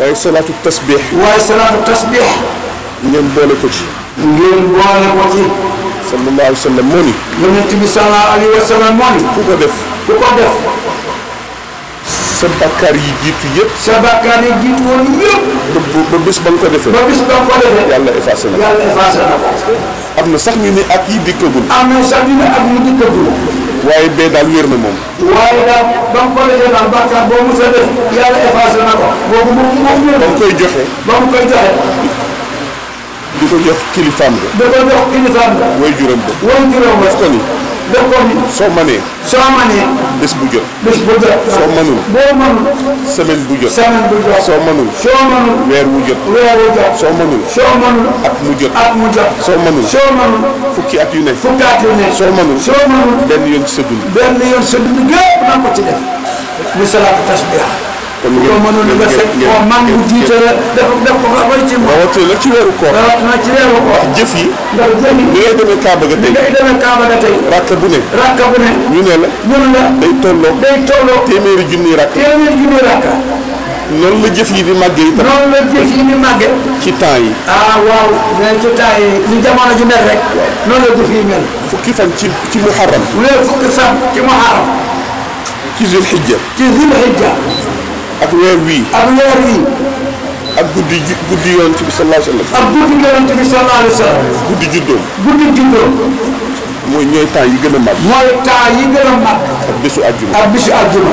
waaye salaatu tasbix. waaye salaatu tasbix. ngeen boole ko ci. ngeen boole ko ci. sallallahu alayhi wa sallam moo ni. yonent bi sallallahu alayhi wa sallam moo ni. ku ko def. ku ko def. sa bakkaar yi jiitu yëpp. sa bakkaar yi jiitu woon yëpp. ba ba bés ba nga ko defee. ba bés ba nga ko defee. yàlla effacé na ko. yàlla effacé na ko. am na sax ñu ne ak yi dikkagul. am na sax ñu ne ak yi dikkagul. waaye bee daal wér na moom. waaye daal ba mu ko defee a def boobu moom koy joxe. ba mu koy joxe. di ko bi kilifaam ga. di ko jox kilifaam ga. way juróom ba. way juróom ba. dëkkoon bi. soo manee. bu jot. bés bu jot. soo bu jot. semaine bu jot. soo wu jot. weer wu jot. mu jot. at mu jot. soo manul. soo manul. fukki at yu ne. benn yoon ci sa dund. benn yoon ci sa dund gépp ko ci def. muy salaatu tasbiha ko mënoon nga set ko man bu jiital def def ko nga bay ci mo wato la ci wéru ko na ci wéru ko wax jëf yi ndax jëf yi ngay demee kaaba ga tey ngay demee kaaba ga tey rakka bu ne rakka bu ne ñu ne la ñu ne la day tolloo day tolloo téeméeri junni rakka téeméeri junni rakka noonu la jëf yi di màggee itam noonu la jëf yi di màggee ci temps yi ah waaw mais ci temps yi ni jamono ju mel rek noonu la jëf yi mel fukki fan ci ci muharram wéer fukki fan ci muharram ci zul hijja ci zul hijja ak weer wii. ak weer wii. ak guddi ju guddi yonent bi sallallahu alayhi wa sallam. ak guddi yonent bi sallallahu alayhi wa sallam. guddi juddoom. guddi juddoom. mooy ñooy temps yi gën a mag. mooy temps yi gën a mag. ak bisu àjjuma. ak bisu àjjuma.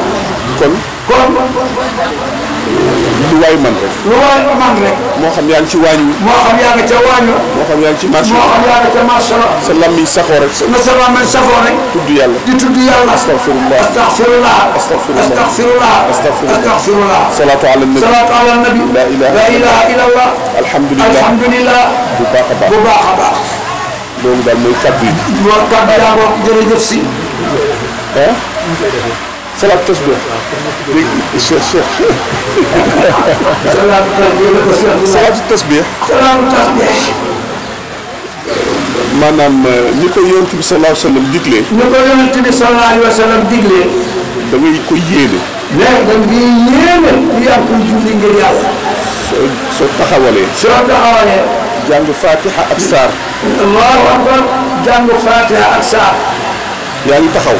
kon. kon. waay man rek. lu waay man rek. moo xam yaa ngi ci waañ wi. moo xam yaa ngi ca waañ wa. moo xam yaa ngi ci marché moo xam yaa ngi ca marché la. sa lammiñ saxoo rek. na sa lammiñ saxoo rek. tudd yàlla. di tudd yàlla. astaghfirullah astaghfirullah. astaghfirullah astaghfirullah. salaatu ala nabi. salaatu ala nabi. la ilaha illallah. alhamdulillah alhamdulillah. bu baax a baax bu baax a baax. loolu daal mooy kaddu yi. mooy kaddu yaa ngi jërëjëf si. salaat tasbih salaatu tasbih maanaam euh, ni ko yonent bi sallallahu alayhi wa sallam diglee. ni ko yonent bi sallallahu alayhi wa sallam diglee. da fatiha ak saar. allahu akbar fatiha ak saar. taxaw.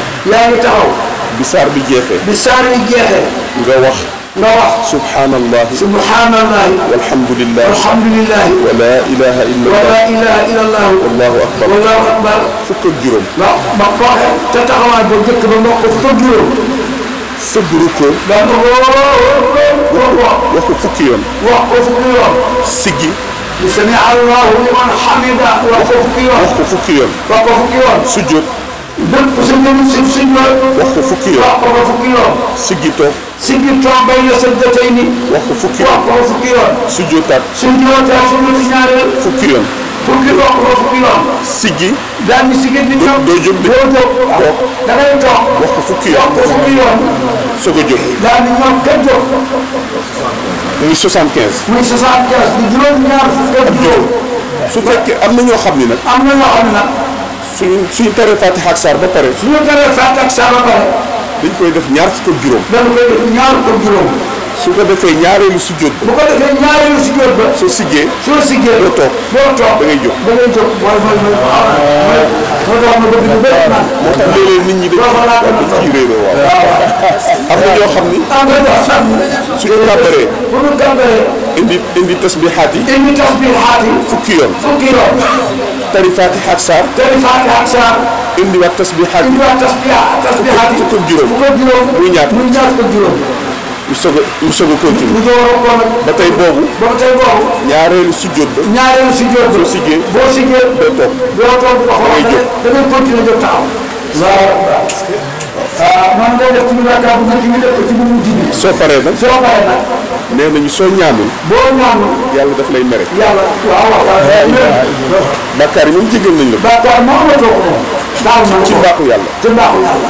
بسار بجيفه بسار بجيفه وروح روح سبحان الله سبحان الله والحمد لله والحمد لله ولا اله الا الله ولا اله الا الله والله اكبر والله اكبر فك الجرم لا ما فاهم تتغوى بجك بموقف تجرم سبرك لا وقف فكيون وقف فكيون سجي لسمع الله لمن حمده وقف فكيون وقف فكيون وقف dëpp suñ dem suñ suñ la. wax ko fukki yoon wax ko fukki yoon. siggi toog. siggi toog bay la sa jotee ni. wax ko fukki yoon wax ko fukki yoon. su jotaat. suñ jotaat suñ la ñaareel. fukki yoon. fukki wax ko fukki yoon. siggi. daan siggi di jóg doo jóg doo jóg. toog ah, da ngay toog. wax ko fukki yoon wax ko fukki yoon. soo ko jóg. daan di ñoom kenn jóg. muy 75. muy 75 di juróom ñaar fukki ak juróom. su fekkee am na ñoo xam ni nag. am na ñoo xam ni nag. suñu suñu teree Fatiha ak saar ba pare. suñu teree Fatiha ak saar ba pare. dañ koy def ñaar fukk ak juróom. dañ ñaar fukk ak su ko defee ñaareelu sujjóot ba. bu ko defee ñaareelu sujjóot ba. soo siggee. soo siggee doo toog. doo toog da ngay jóg. da ngay jóg mooy mooy mooy. Ah. moo tax léeg-léeg nit ñi dañuy dañuy réeré waaw. am na ñoo xam ni. am na ñoo xam ni. suñu kàmbaree. bu ñu kàmbaree. indi indi tasbihat yi indi tasbihat yi fukki yon fukki yoon tari fatiha ak sar tari fatiha ak indi wat tasbihat indi wat tasbihat tasbihat fukk ak juróom minyak ak juróom muy ñaar muy ñaar fukk ak juróom mu sogo mu sogo continue mu door ko nak ba bobu ba bobu ñaareelu sujjot ba ñaareelu sujjot bo sigé bo sigé do tok do tok ko xolay jog da ngay continue jog taaw ah man ngay def ci ñu rakka bu nga def ci bu mu so paré nak so paré nak nee nañu soo ñaanul. boo ñaanul. yàlla daf lay mere. yàlla waaw waaw. bàkkaar yi moom jéggal nañ la. bàkkaar moom la toog ci baaxu yàlla. ci baaxu yàlla.